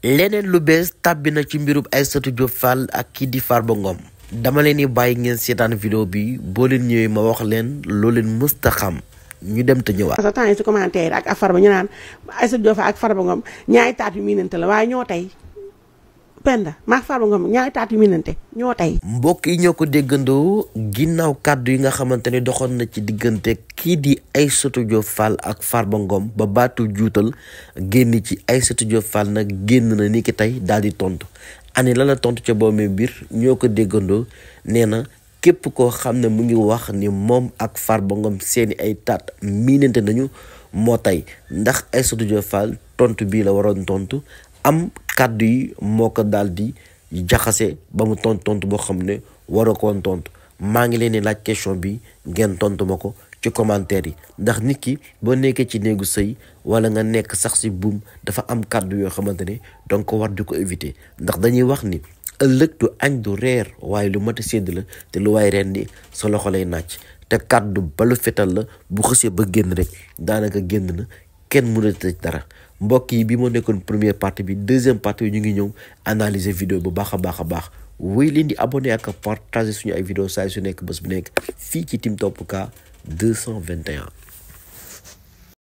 leneen lu bees tàbbi na ci mbirub Aïssatou Diop Fall ak kii di ba Ngom dama leen di bàyyi ngeen seetaan vidéo bi boo leen ñëwee ma wax leen loo leen mësta xam ñu dem te ñëwaat. parce que temps yi si commentaire ak ak ba ñu naan Aïssatou Diop Fall ak Farba Ngom ñaari taat yu miinante la waaye ñoo tey. Penda maa Farba Ngom ñaari taat yu minante ñoo tey. mbokk yi ñoo ko déggandoo ginnaaw kàddu yi nga xamante ni doxoon na ci diggante kii di Aïssatou Diop Fall ak Farba Ngom ba baatu juutal génn ci ay Diop Fall nag génn na ni ki tey daal di tontu ani la la tontu ca boomee biir ñoo ko déggandoo nee na. képp koo xam ne mu ngi wax ni moom ak Farba Ngom seeni ay taat miinante nañu moo tey ndax ay Diop Fall tontu bii la waroon tontu am kàddu yi moo ko daal di jaxase ba mu tont tontu boo xam ne waroo ko woon tontu maa ngi leen di laaj question bi ngeen tontu ma ko ci commentaire yi ndax nit ki boo nekkee ci néegu sëy wala nga nekk sax si buum dafa am kàddu yoo xamante ne donc ko war di ko éviter ndax dañuy wax ni ëllëg du añ du reer waaye lu mat a sédd la te lu waaye ren ni sa loxo lay naaj te kàddu balu fetal la bu xësee ba génn rek daanaka génn na kenn mënut a dara mbokk yi bi moo nekkoon premier partie bi deuxième partie ñu ngi ñëw analyser vidéo bu baax a baax a baax wéy leen di abonné ak partager suñu ay vidéo saa su nekk bés bu nekk fii ci Team Top Cas 221